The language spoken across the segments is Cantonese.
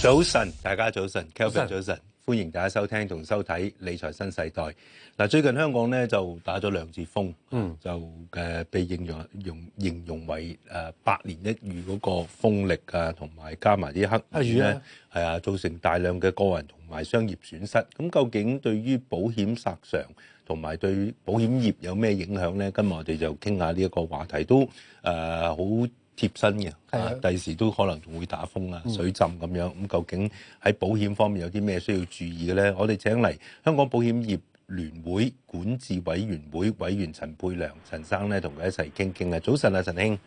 早晨，大家早晨，Kevin el 早晨，早晨歡迎大家收聽同收睇《理財新世代》。嗱，最近香港咧就打咗兩次風，嗯，就嘅、呃、被形容用形容為誒、呃、百年一遇嗰個風力啊，同、呃、埋加埋啲黑雨咧，係啊的、呃，造成大量嘅個人同埋商業損失。咁究竟對於保險索償同埋對保險業有咩影響咧？今日我哋就傾下呢一個話題，都誒好。呃貼身嘅，的啊，第時都可能仲會打風啊、水浸咁樣。咁、嗯嗯、究竟喺保險方面有啲咩需要注意嘅咧？我哋請嚟香港保險業聯會管治委員會委員陳沛良，陳生咧同佢一齊傾傾啊！早晨啊，陳兄，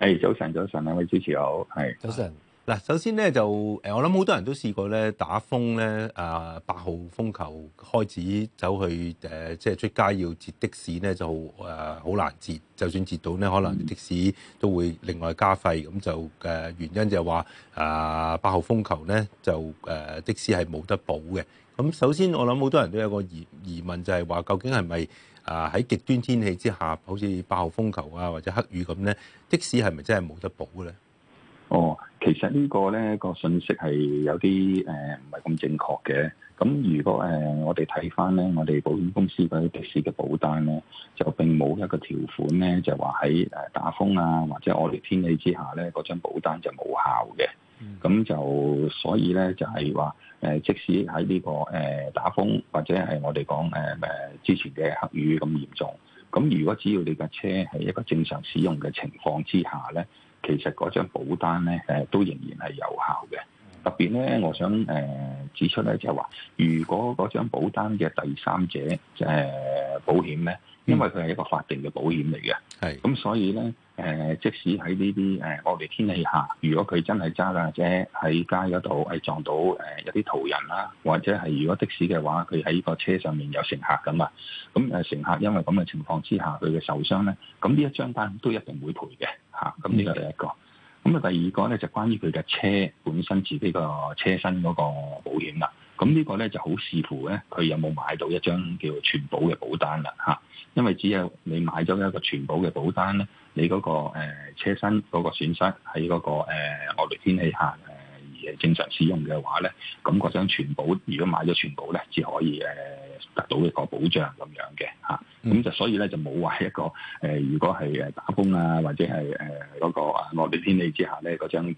誒，hey, 早晨，早晨，兩位主持好，係，早晨。嗱，首先咧就誒，我諗好多人都試過咧打風咧，啊八號風球開始走去誒，即係出街要截的士咧，就誒好難截。就算截到呢，可能的士都會另外加費。咁就誒原因就係話啊八號風球咧就誒的士係冇得保嘅。咁首先我諗好多人都有個疑疑問，就係話究竟係咪啊喺極端天氣之下，好似八號風球啊或者黑雨咁咧，的士係咪真係冇得保咧？哦。Oh. 其實呢個呢個信息係有啲誒唔係咁正確嘅。咁如果誒、呃、我哋睇翻呢，我哋保險公司嗰啲的士嘅保單呢，就並冇一個條款呢，就話喺誒打風啊或者我哋天氣之下呢，嗰張保單就冇效嘅。咁就所以呢，就係話誒，即使喺呢、這個誒、呃、打風或者係我哋講誒誒之前嘅黑雨咁嚴重，咁如果只要你架車係一個正常使用嘅情況之下呢。其實嗰張保單咧，誒，都仍然係有效嘅。特別咧，我想誒、呃、指出咧，就係、是、話，如果嗰張保單嘅第三者誒、呃、保險咧，因為佢係一個法定嘅保險嚟嘅，係的，咁所以咧誒、呃，即使喺呢啲誒惡劣天氣下，如果佢真係揸架車喺街嗰度，係撞到誒、呃、有啲途人啦，或者係如果的士嘅話，佢喺個車上面有乘客噶嘛，咁、嗯、誒、呃、乘客因為咁嘅情況之下，佢嘅受傷咧，咁呢一張單都一定會賠嘅，嚇、啊，咁呢個第一個。咁啊，第二個咧就關於佢嘅車本身自己個車身嗰個保險啦。咁呢個咧就好視乎咧，佢有冇買到一張叫全保嘅保單啦，嚇。因為只有你買咗一個全保嘅保單咧，你嗰、嗰個誒、呃、車身嗰個損失喺嗰、嗰個誒惡劣天氣下而係誒正常使用嘅話咧，咁嗰張全保如果買咗全保咧，只可以誒，呃得到、嗯、一個保障咁樣嘅嚇，咁就所以咧就冇話一個誒，如果係誒打工啊，或者係誒嗰個啊惡劣天氣之下咧，嗰張誒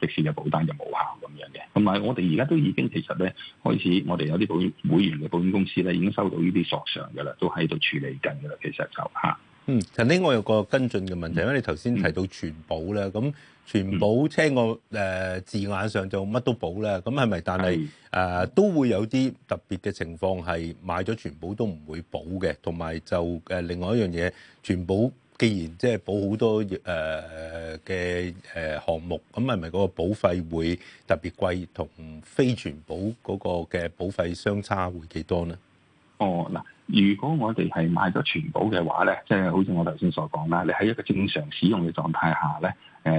即時嘅保單就冇效咁樣嘅。同埋我哋而家都已經其實咧開始，我哋有啲保險會員嘅保險公司咧已經收到呢啲索償嘅啦，都喺度處理緊嘅啦，其實就嚇。嗯，陳生我有個跟進嘅問題，因為你頭先提到全保啦，咁、嗯、全保聽我誒、呃、字眼上就乜都保啦，咁係咪？但係誒、呃、都會有啲特別嘅情況係買咗全保都唔會保嘅，同埋就誒、呃、另外一樣嘢，全保既然即係保好多誒嘅誒項目，咁係咪嗰個保費會特別貴？同非全保嗰個嘅保費相差會幾多呢？哦，嗱。如果我哋係買咗全保嘅話咧，即係好似我頭先所講啦，你喺一個正常使用嘅狀態下咧，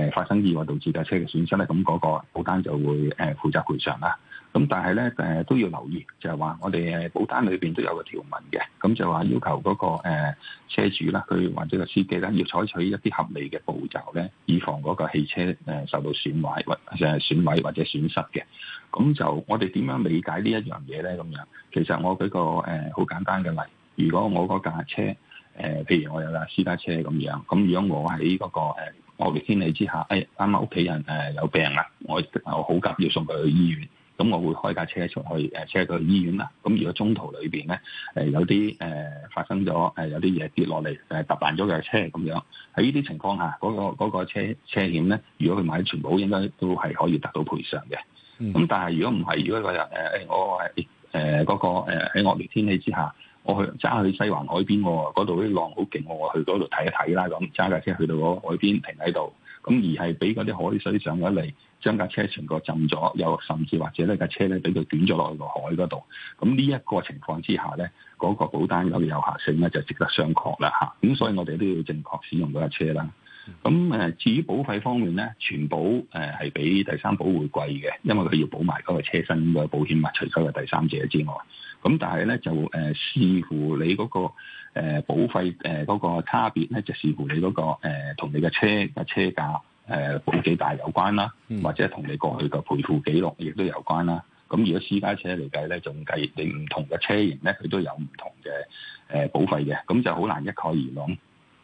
誒發生意外導致架車嘅損失咧，咁嗰個保單就會誒負責賠償啦。咁但係咧，誒、呃、都要留意，就係、是、話我哋誒保單裏邊都有個條文嘅，咁就話要求嗰、那個誒、呃、車主啦，佢或者個司機啦，要採取一啲合理嘅步驟咧，以防嗰個汽車誒、呃、受到損壞或誒損毀或者損失嘅。咁就我哋點樣理解呢一樣嘢咧？咁樣其實我舉個誒好、呃、簡單嘅例，如果我嗰架車誒、呃，譬如我有架私家車咁樣，咁、嗯、如果我喺嗰、那個誒惡劣天氣之下，誒啱啱屋企人誒有病啦，我我好急要送佢去醫院。咁我會開架車出去，誒車去醫院啦。咁如果中途裏邊咧，誒有啲誒發生咗，誒有啲嘢跌落嚟，誒搭爛咗架車咁樣，喺呢啲情況下，嗰個嗰個車車險咧，如果佢買全保應該都係可以得到賠償嘅。咁但係如果唔係，如果個人誒我係誒嗰個喺惡劣天氣之下，我去揸去西環海邊，嗰度啲浪好勁，我去嗰度睇一睇啦，咁揸架車去到嗰海邊停喺度。咁而係俾嗰啲海水上咗嚟，將架車全個浸咗，又甚至或者咧架車咧俾佢捲咗落去個海嗰度。咁呢一個情況之下咧，嗰、嗰個保單嗰個有效性咧就值得商榷啦嚇。咁所以我哋都要正確使用嗰架車啦。咁誒至於保費方面咧，全保誒係比第三保會貴嘅，因為佢要保埋嗰個車身嘅保險物，除咗個第三者之外，咁但係咧就誒視、呃、乎你嗰、嗰個。誒、呃、保費誒嗰、呃那個差別咧，就視乎你嗰、那個同、呃、你嘅車嘅車價誒保、呃、幾大有關啦，嗯、或者同你過去嘅賠付記錄亦都有關啦。咁如果私家車嚟計咧，總計你唔同嘅車型咧，佢都有唔同嘅誒、呃、保費嘅，咁就好難一概而論。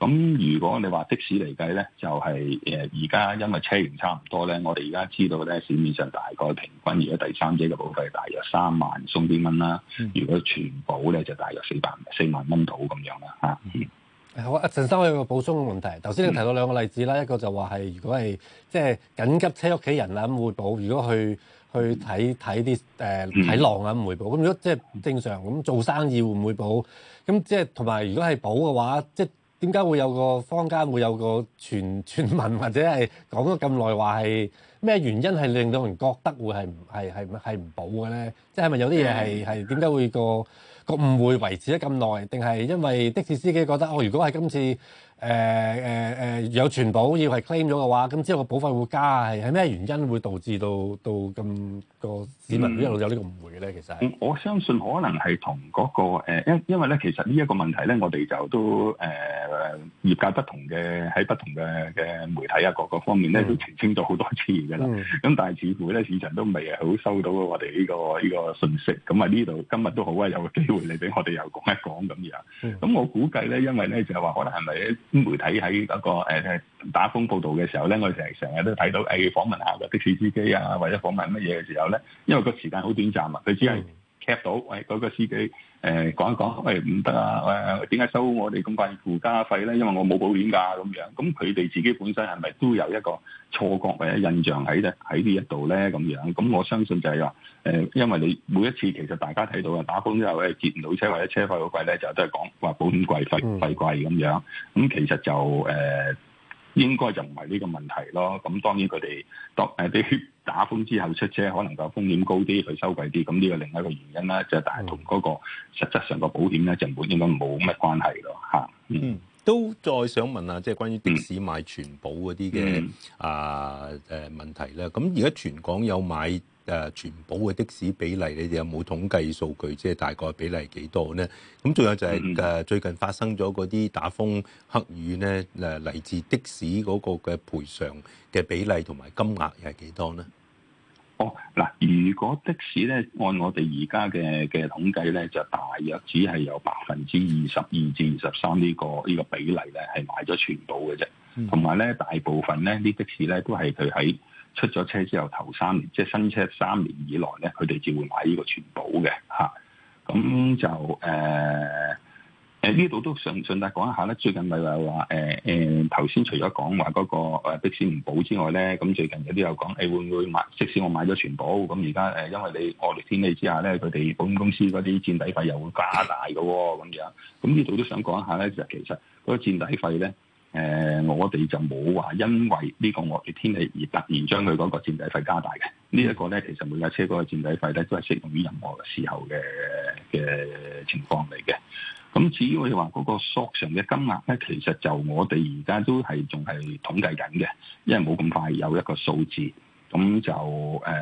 咁如果你話的士嚟計咧，就係誒而家因為車型差唔多咧，我哋而家知道咧，市面上大概平均而家第三者嘅保費大約三萬送啲蚊啦，嗯、如果全保咧就大約四萬四萬蚊到咁樣啦嚇。好啊，嗯嗯、陳生，我有個補充嘅問題。頭先你提到兩個例子啦，嗯、一個就話係如果係即係緊急車屋企人啊，咁會保，如果去去睇睇啲誒睇浪啊，咁會保。咁、嗯、如果即係正常咁做生意會唔會保？咁即係同埋如果係保嘅話，即、就、係、是。點解會有個坊間會有個傳傳聞，或者係講咗咁耐話係咩原因係令到人覺得會係係係係唔保嘅咧？即係咪有啲嘢係係點解會個個誤會維持咗咁耐？定係因為的士司機覺得哦，如果係今次？誒誒誒有全保要係 claim 咗嘅話，咁之後個保費會加，係咩原因會導致到到咁個市民一路有呢個誤會嘅咧？嗯、其實、嗯，我相信可能係同嗰個、呃、因因為咧，其實呢一個問題咧，我哋就都誒、呃、業界不同嘅喺不同嘅嘅媒體啊，各個方面咧都澄清咗好多次㗎啦。咁、嗯嗯、但係似乎咧市場都未好收到我哋呢、呢個呢、呢個信息。咁啊呢度今日都好啊，有個機會你俾我哋又講一講咁樣。咁我估計咧，因為咧就係話可能係咪？媒體喺一、個誒、呃、打風報導嘅時候咧，我哋成成日都睇到誒訪、哎、問下個的士司機啊，或者訪問乜嘢嘅時候咧，因為個時間好短暫嘛，佢只係，Catch 到，喂嗰、那個司機，誒、呃、講一講，喂，唔得啊！喂，點解收我哋咁貴附加費咧？因為我冇保險㗎、啊，咁樣，咁佢哋自己本身係咪都有一個錯覺或者印象喺咧喺呢一度咧？咁樣，咁我相信就係、是、話，誒、呃，因為你每一次其實大家睇到啊，打風之後誒，接唔到車或者車費好貴咧，就都係講話保險貴，費費貴咁樣，咁其實就誒。嗯。應該就唔係呢個問題咯。咁當然佢哋當誒啲血打風之後出車，可能就風險高啲，佢收費啲。咁呢個另一個原因咧，就係同嗰個實質上個保險咧，全保應該冇咩關係咯嚇。嗯，嗯都再想問下，即係關於的士買全保嗰啲嘅啊誒問題咧。咁而家全港有買？誒全保嘅的，的士比例，你哋有冇統計數據，即係大概比例幾多呢？咁仲有就係誒最近發生咗嗰啲打風黑雨呢？誒嚟自的士嗰個嘅賠償嘅比例同埋金額又係幾多呢？哦，嗱，如果的士咧，按我哋而家嘅嘅統計咧，就大約只係有百分之二十二至二十三呢個呢個比例咧，係買咗全保嘅啫。同埋咧，大部分呢啲的士咧都係佢喺。出咗車之後頭三年，即係新車三年以來咧，佢哋就會買呢個全保嘅嚇。咁、啊、就誒誒呢度都想順帶講一下咧。最近咪話話誒誒頭先除咗講話嗰個的士唔保之外咧，咁最近有啲又講誒會唔會買？即使我買咗全保，咁而家誒因為你惡劣天氣之下咧，佢哋保險公司嗰啲墊底費又會加大嘅喎、哦，咁樣。咁呢度都想講一下咧，就其實嗰個墊底費咧。誒、呃，我哋就冇話因為呢個惡劣天氣而突然將佢嗰個墊底費加大嘅。這個、呢一個咧，其實每架車嗰個墊底費咧，都係適用於任何時候嘅嘅情況嚟嘅。咁至於我哋話嗰個索償嘅金額咧，其實就我哋而家都係仲係統計緊嘅，因為冇咁快有一個數字。咁就誒、呃，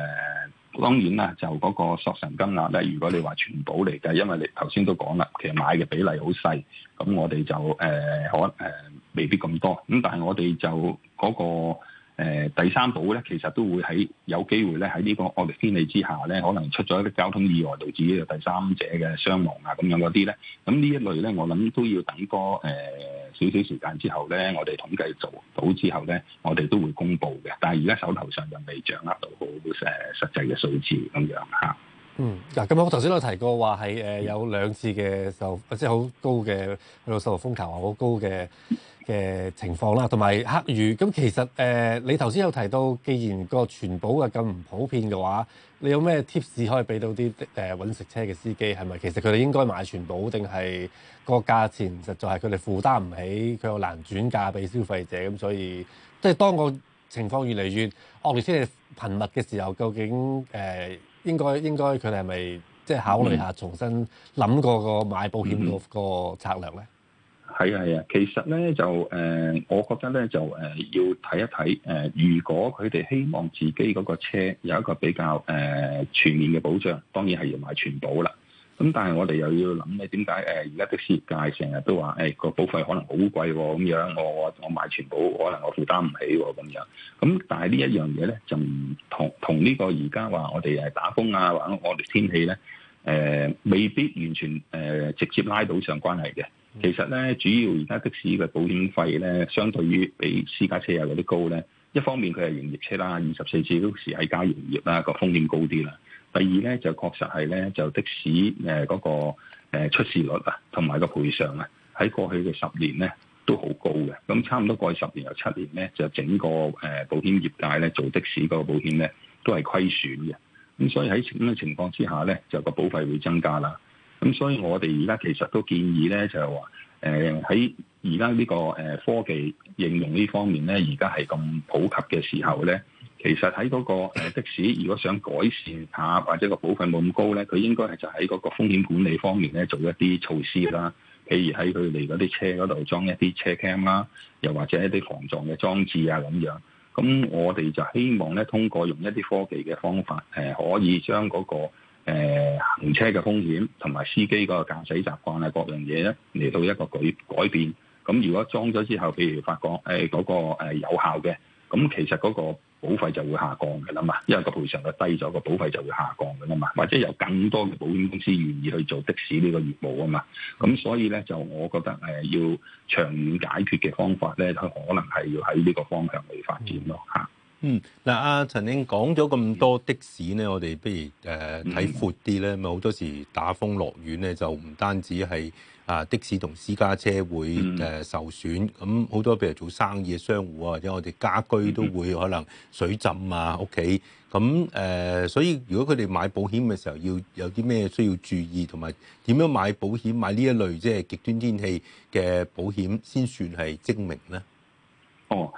當然啦，就嗰個索償金額咧，如果你話全保嚟嘅，因為你頭先都講啦，其實買嘅比例好細，咁我哋就誒可誒。呃呃呃呃未必咁多，咁但係我哋就嗰、那個、呃、第三保咧，其實都會喺有機會咧喺呢個惡劣天氣之下咧，可能出咗一啲交通意外，導致呢個第三者嘅傷亡啊咁樣嗰啲咧，咁呢一類咧，我諗都要等個誒少少時間之後咧，我哋統計做到之後咧，我哋都會公佈嘅。但係而家手頭上就未掌握到好誒實際嘅數字咁樣嚇。嗯，嗱咁我頭先都提過話係誒有兩次嘅、嗯、受，即係好高嘅去到數學風球好高嘅。嘅情況啦，同埋黑雨。咁其實誒、呃，你頭先有提到，既然個全保係咁唔普遍嘅話，你有咩貼士可以俾到啲誒揾食車嘅司機？係咪其實佢哋應該買全保，定係個價錢實在係佢哋負擔唔起，佢又難轉嫁俾消費者？咁所以，即係當個情況越嚟越惡劣、先、呃、嚟頻密嘅時候，究竟誒、呃、應該應該佢哋係咪即係考慮下重新諗過個買保險個策略咧？Mm hmm. 係啊係啊，其實咧就誒、呃，我覺得咧就誒、呃、要睇一睇誒、呃，如果佢哋希望自己嗰個車有一個比較誒、呃、全面嘅保障，當然係要買全保啦。咁但係我哋又要諗咧，點解誒而家的士界成日都話誒個保費可能好貴喎咁樣，我我我買全保可能我負擔唔起喎、哦、咁樣。咁但係呢一樣嘢咧，就唔同同呢個而家話我哋係打風啊，或者我哋天氣咧誒，未必完全誒、呃、直接拉到上關係嘅。其實咧，主要而家的士嘅保險費咧，相對於比私家車又有啲高咧。一方面佢係營業車啦，二十四小時喺家營業啦，個風險高啲啦。第二咧就確實係咧，就的士誒嗰個出事率啊，同埋個賠償啊，喺過去嘅十年咧都好高嘅。咁差唔多過去十年有七年咧，就整個誒保險業界咧，做的士嗰個保險咧都係虧損嘅。咁所以喺咁嘅情況之下咧，就個保費會增加啦。咁所以，我哋而家其實都建議咧，就係話，誒喺而家呢個誒科技應用呢方面咧，而家係咁普及嘅時候咧，其實喺嗰個的士，如果想改善下或者個保費冇咁高咧，佢應該係就喺嗰個風險管理方面咧做一啲措施啦。譬如喺佢哋嗰啲車嗰度裝一啲車 cam 啦，又或者一啲防撞嘅裝置啊咁樣。咁我哋就希望咧，通過用一啲科技嘅方法，誒可以將嗰個誒行車嘅風險同埋司機個駕駛習慣啊，各樣嘢咧嚟到一個改改變。咁如果裝咗之後，譬如發覺誒嗰個誒有效嘅，咁其實嗰個保費就會下降㗎喇嘛，因為個賠償率低咗，個保費就會下降㗎喇嘛，或者有更多嘅保險公司願意去做的士呢個業務啊嘛。咁所以咧就我覺得誒要長遠解決嘅方法咧，佢可能係要喺呢個方向去發展咯嚇。嗯嗯，嗱、啊，阿陳應講咗咁多的士咧，我哋不如誒睇、呃、闊啲咧，咪好多時打風落雨咧，就唔單止係啊的士同私家車會誒、呃、受損，咁好多譬如做生意嘅商戶啊，或者我哋家居都會可能水浸啊屋企，咁誒、呃，所以如果佢哋買保險嘅時候要有啲咩需要注意，同埋點樣買保險買呢一類即係極端天氣嘅保險先算係精明咧？哦，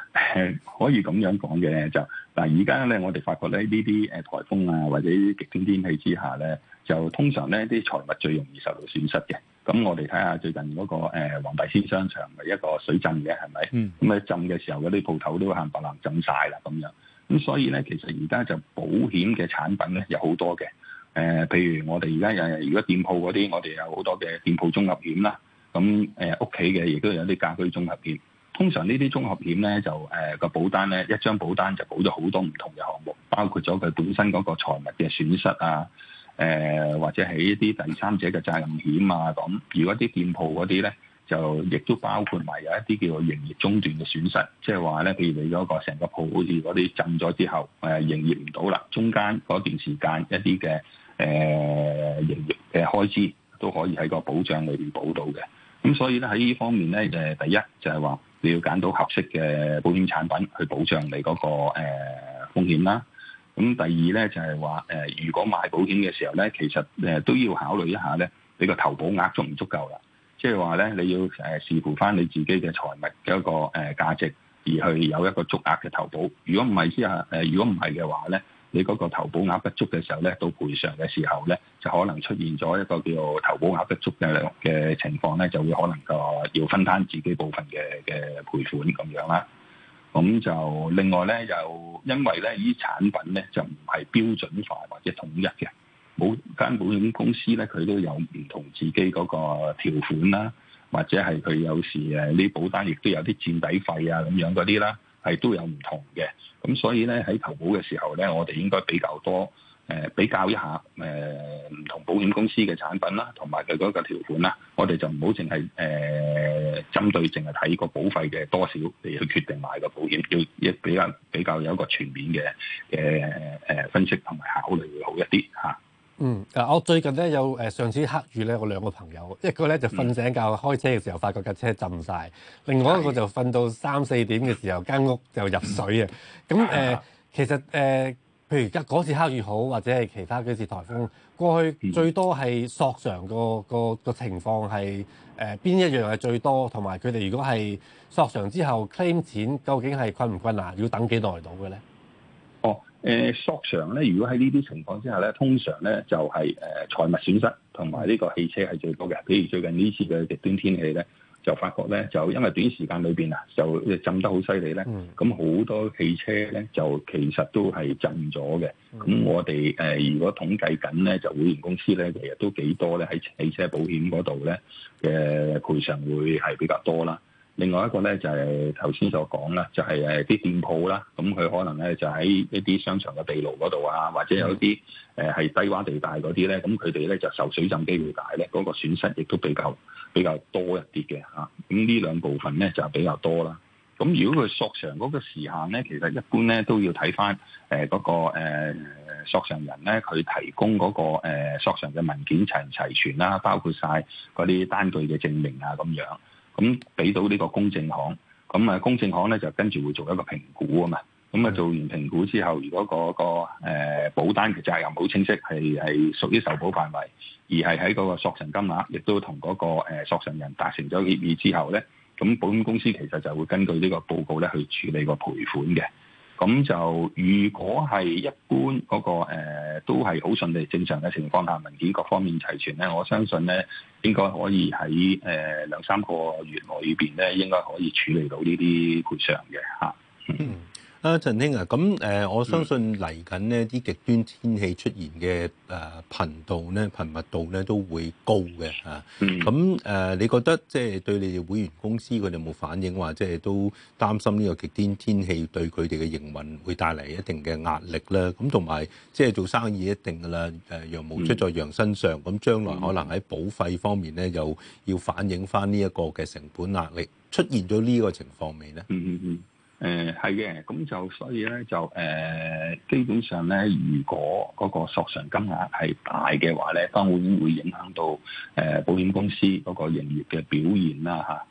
可以咁樣講嘅就，嗱，而家咧我哋發覺咧呢啲誒、呃、颱風啊或者極端天氣之下咧，就通常咧啲財物最容易受到損失嘅。咁我哋睇下最近嗰個誒黃大仙商場咪一個水浸嘅係咪？咁咧浸嘅時候嗰啲鋪頭都冚唪唥浸晒啦咁樣。咁所以咧其實而家就保險嘅產品咧有好多嘅。誒、呃、譬如我哋而家有，如果店鋪嗰啲我哋有好多嘅店鋪綜合險啦，咁誒屋企嘅亦都有啲家居綜合險。通常呢啲綜合險咧就誒個、呃、保單咧一張保單就保咗好多唔同嘅項目，包括咗佢本身嗰個財物嘅損失啊，誒、呃、或者係一啲第三者嘅責任險啊咁。如果啲店鋪嗰啲咧就亦都包括埋有一啲叫做營業中斷嘅損失，即係話咧譬如你嗰個成個鋪好似嗰啲浸咗之後誒、呃、營業唔到啦，中間嗰段時間一啲嘅誒營業嘅開支都可以喺個保障裏邊保到嘅。咁所以咧喺呢方面咧誒第一就係話。你要揀到合適嘅保險產品去保障你嗰、那個誒、呃、風險啦。咁第二咧就係話誒，如果買保險嘅時候咧，其實誒都要考慮一下咧，你個投保額足唔足夠啦。即係話咧，你要誒視、呃、乎翻你自己嘅財物嘅一個誒、呃、價值，而去有一個足額嘅投保。如果唔係之下誒，如果唔係嘅話咧，你嗰個投保額不足嘅時候咧，到賠償嘅時候咧，就可能出現咗一個叫投保額不足嘅嘅情況咧，就會可能個要分攤自己部分嘅嘅賠款咁樣啦。咁就另外咧，又因為咧呢啲產品咧就唔係標準化或者統一嘅，每間保險公司咧佢都有唔同自己嗰個條款啦，或者係佢有時呢啲保單亦都有啲墊底費啊咁樣嗰啲啦。係都有唔同嘅，咁所以咧喺投保嘅時候咧，我哋應該比較多誒、呃、比較一下誒唔同、呃、保險公司嘅產品啦，同埋佢嗰個條款啦，我哋就唔好淨係誒針對淨係睇個保費嘅多少嚟去決定買個保險，要亦比較比較有一個全面嘅嘅誒分析同埋考慮會好一啲嚇。嗯，嗱，我最近咧有誒、呃、上次黑雨咧，我兩個朋友，一個咧就瞓醒覺、嗯、開車嘅時候，發覺架車浸晒；另外一個就瞓到三四點嘅時候，間屋 就入水啊！咁、嗯、誒、呃，其實誒、呃，譬如而家嗰次黑雨好，或者係其他幾次颱風過去，最多係索償個個個情況係誒邊一樣係最多，同埋佢哋如果係索償之後 claim 錢，究竟係困唔困難啊？要等幾耐到嘅咧？誒、呃、索償咧，如果喺呢啲情況之下咧，通常咧就係、是、誒、呃、財物損失同埋呢個汽車係最高嘅。譬如最近呢次嘅極端天氣咧，就發覺咧就因為短時間裏邊啊，就浸得好犀利咧，咁好多汽車咧就其實都係浸咗嘅。咁我哋誒、呃、如果統計緊咧，就會員公司咧，日日都幾多咧喺汽車保險嗰度咧嘅賠償會係比較多啦。另外一個咧就係頭先所講啦，就係誒啲店鋪啦，咁佢可能咧就喺一啲商場嘅地牢嗰度啊，或者有啲誒係低窪地帶嗰啲咧，咁佢哋咧就受水浸機會大咧，嗰個損失亦都比較比較多一啲嘅嚇。咁呢兩部分咧就比較多啦。咁如果佢索償嗰個時限咧，其實一般咧都要睇翻誒嗰個誒索償人咧，佢提供嗰個誒索償嘅文件齊唔齊全啦，包括晒嗰啲單據嘅證明啊咁樣。咁俾、嗯、到呢個公證行，咁、嗯、啊公證行咧就跟住會做一個評估啊嘛，咁、嗯、啊做完評估之後，如果嗰、那個、呃、保單嘅責任好清晰，係係屬於受保範圍，而係喺嗰個索償金額，亦都同嗰個索償人達成咗協議之後咧，咁保險公司其實就會根據呢個報告咧去處理個賠款嘅。咁就如果係一般嗰個、呃、都係好順利正常嘅情況下，文件各方面齊全咧，我相信咧應該可以喺誒、呃、兩三個月裏邊咧，應該可以處理到呢啲賠償嘅嚇。嗯嗯。啊，陳兄啊，咁、嗯、誒、啊，我相信嚟緊呢啲極端天氣出現嘅誒頻度呢，頻密度呢都會高嘅嚇。咁、啊、誒、嗯啊，你覺得即係對你哋會員公司，佢哋有冇反映話，即係都擔心呢個極端天氣對佢哋嘅營運會帶嚟一定嘅壓力咧？咁同埋即係做生意一定噶啦，誒羊毛出在羊身上，咁、嗯嗯、將來可能喺保費方面呢，又要反映翻呢一個嘅成本壓力。出現咗呢個情況未呢、嗯？嗯嗯嗯。誒係嘅，咁、嗯、就所以咧就誒、呃，基本上咧，如果嗰個索償金額係大嘅話咧，當然會影響到誒、呃、保險公司嗰個營業嘅表現啦嚇。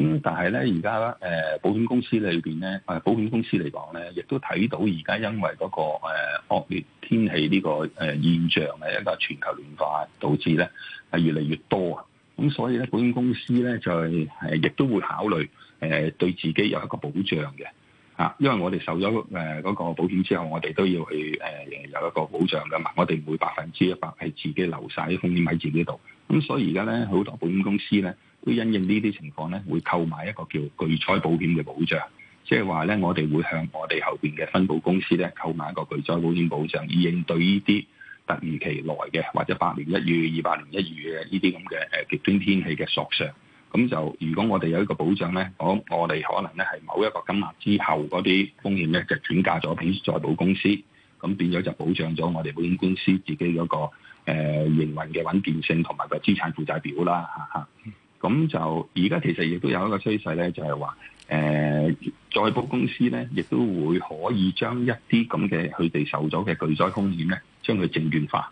咁、啊、但係咧，而家誒保險公司裏邊咧，誒保險公司嚟講咧，亦都睇到而家因為嗰、那個誒、呃、惡劣天氣呢個誒現象嘅一、這個全球暖化，導致咧係越嚟越多啊。咁所以咧，保險公司咧就係亦、呃、都會考慮誒、呃、對自己有一個保障嘅。啊，因為我哋受咗誒嗰個保險之後，我哋都要去誒、呃、有一個保障噶嘛。我哋唔會百分之一百係自己留晒啲風險喺自己度。咁所以而家咧好多保險公司咧都因應呢啲情況咧，會購買一個叫巨災保險嘅保障，即係話咧我哋會向我哋後邊嘅分保公司咧購買一個巨災保險保障，以應對呢啲突如其來嘅或者百年一遇、二百年一遇嘅呢啲咁嘅誒極端天氣嘅索償。咁就如果我哋有一個保障呢，我我哋可能呢，係某一個金額之後嗰啲風險呢，就轉嫁咗俾再保公司，咁變咗就保障咗我哋保險公司自己嗰個誒、呃、營運嘅穩健性同埋個資產負債表啦，吓、啊、吓，咁、啊、就而家其實亦都有一個趨勢呢，就係話誒再保公司呢，亦都會可以將一啲咁嘅佢哋受咗嘅巨災風險呢，將佢證券化。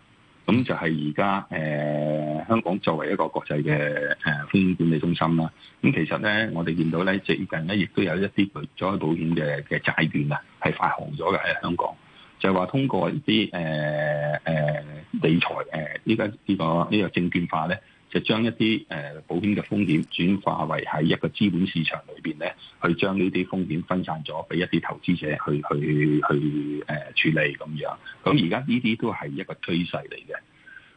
咁就係而家誒香港作為一個國際嘅誒、呃、風險管理中心啦。咁、嗯、其實咧，我哋見到咧最近咧，亦都有一啲巨災保險嘅嘅債券啊，係發行咗嘅喺香港，就係話通過一啲誒誒理財誒，依家呢個呢、呢個證券化咧。就將一啲誒保險嘅風險轉化為喺一個資本市場裏邊咧，去將呢啲風險分散咗，俾一啲投資者去去去誒處理咁樣。咁而家呢啲都係一個趨勢嚟嘅。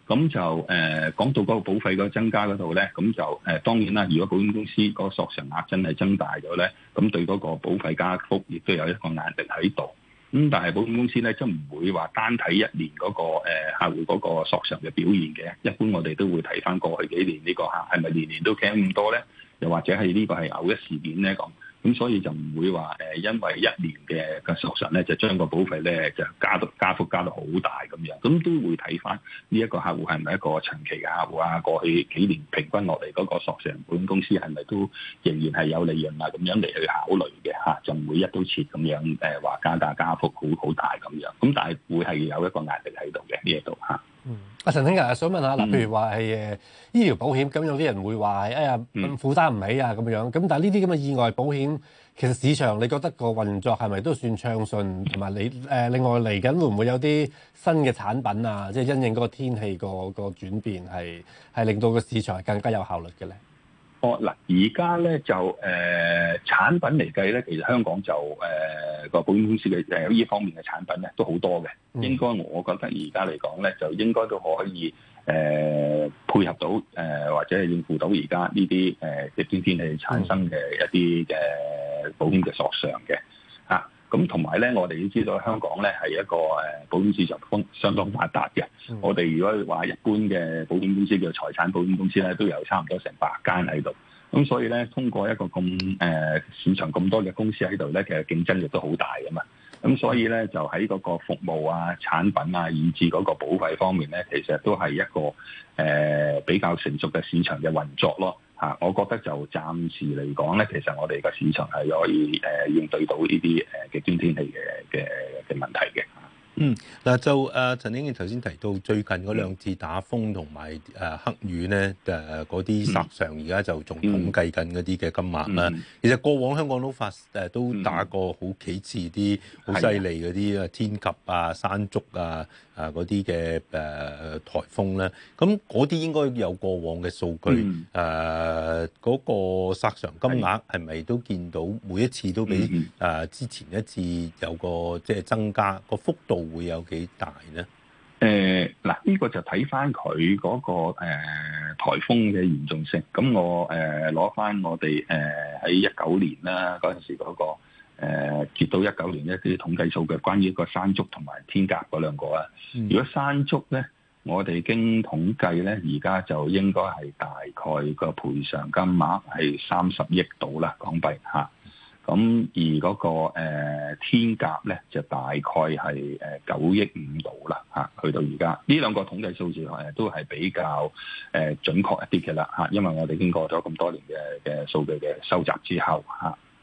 咁就誒講、呃、到嗰個保費個增加嗰度咧，咁就誒、呃、當然啦，如果保險公司個索償額真係增大咗咧，咁對嗰個保費加幅亦都有一個壓力喺度。咁但係保險公司咧，即係唔會話單睇一年嗰、那個、呃、客戶嗰個索償嘅表現嘅。一般我哋都會睇翻過去幾年呢、這個客係咪年年都傾咁多咧？又或者係呢個係偶一事件咧講？咁所以就唔會話誒，因為一年嘅嘅索償咧，就將個保費咧就加到加幅加到好大咁樣，咁都會睇翻呢一個客戶係咪一個長期嘅客戶啊？過去幾年平均落嚟嗰個索償，保險公司係咪都仍然係有利潤啊？咁樣嚟去考慮嘅嚇，就、啊、唔會一刀切咁樣誒話、啊、加價加幅好好大咁樣，咁、嗯、但係會係有一個壓力喺度嘅呢一度嚇。阿陳先生、啊、想問下，嗱，譬如話係誒醫療保險，咁有啲人會話哎呀負擔唔起啊咁樣，咁但係呢啲咁嘅意外保險，其實市場你覺得個運作係咪都算暢順，同埋你誒、呃、另外嚟緊會唔會有啲新嘅產品啊？即係因應嗰個天氣個、個轉變，係係令到個市場係更加有效率嘅咧？嗱，而家咧就誒、呃、產品嚟計咧，其實香港就誒個、呃、保險公司嘅誒呢方面嘅產品咧都好多嘅，應該我覺得而家嚟講咧，就應該都可以誒、呃、配合到誒、呃、或者係應付到而家呢啲誒極端天氣產生嘅一啲嘅保險嘅索償嘅。咁同埋咧，我哋都知道香港咧係一個誒保險市場相相當發達嘅。我哋如果話一般嘅保險公司叫財產保險公司咧，都有差唔多成百間喺度。咁所以咧，通過一個咁誒市場咁多嘅公司喺度咧，其實競爭力都好大㗎嘛。咁所以咧，就喺嗰個服務啊、產品啊，以至嗰個保費方面咧，其實都係一個誒、呃、比較成熟嘅市場嘅運作咯。啊，我覺得就暫時嚟講咧，其實我哋個市場係可以誒應、呃、對到呢啲誒極端天氣嘅嘅嘅問題嘅。嗯，嗱就阿、呃、陳景英頭先提到最近嗰兩次打風同埋誒黑雨咧，誒嗰啲索償，而家就仲統計緊嗰啲嘅金額啦。嗯嗯嗯、其實過往香港都發誒都打過好幾次啲好犀利嗰啲天鴿啊、山竹啊。啊，嗰啲嘅誒颱風咧，咁嗰啲應該有過往嘅數據，誒嗰、嗯啊那個索償金額係咪都見到每一次都比誒、嗯啊、之前一次有個即係、就是、增加，個幅度會有幾大咧？誒嗱、呃，呢、這個就睇翻佢嗰個誒、呃、颱風嘅嚴重性。咁我誒攞翻我哋誒喺一九年啦嗰陣時嗰、那個。誒、呃，接到一九年一啲統計數據，關於一個山竹同埋天鴿嗰兩個啊。嗯、如果山竹咧，我哋經統計咧，而家就應該係大概個賠償金額係三十億到啦港幣嚇。咁、啊、而嗰、那個、呃、天鴿咧，就大概係誒九億五度啦嚇。去到而家呢兩個統計數字係都係比較誒、呃、準確一啲嘅啦嚇，因為我哋經過咗咁多年嘅嘅數據嘅收集之後嚇。啊啊誒，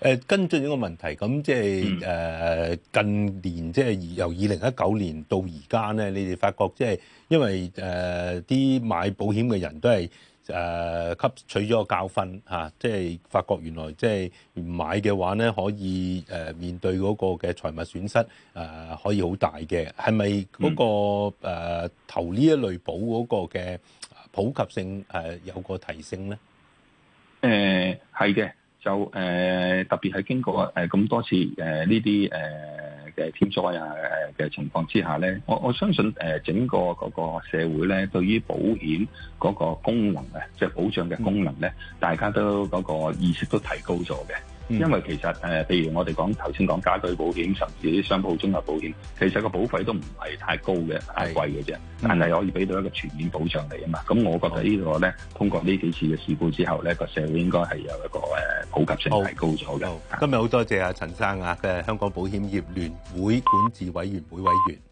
嗯、跟進呢個問題，咁即係誒，近年即係、就是、由二零一九年到而家咧，你哋發覺即係因為誒啲、呃、買保險嘅人都係誒吸取咗個教訓吓，即、啊、係、就是、發覺原來即係唔買嘅話咧，可以誒面對嗰個嘅財務損失誒、呃、可以好大嘅，係咪嗰個誒、嗯啊、投呢一類保嗰個嘅普及性誒、呃、有個提升咧？誒、嗯，係嘅。就誒、呃、特別係經過誒咁、呃、多次誒呢啲誒嘅天災啊誒嘅情況之下咧，我我相信誒整個嗰個社會咧對於保險嗰個功能啊，即、就、係、是、保障嘅功能咧，大家都嗰個意識都提高咗嘅。嗯、因為其實誒，譬、呃、如我哋講頭先講家居保險，甚至啲商鋪綜合保險，其實個保費都唔係太高嘅，太貴嘅啫，嗯、但係可以俾到一個全面保障你啊嘛。咁我覺得個呢個咧，嗯、通過呢幾次嘅事故之後咧，個社會應該係有一個誒普及性提高咗嘅。是今日好多謝阿陳生啊嘅香港保險業聯會管治委員會委員。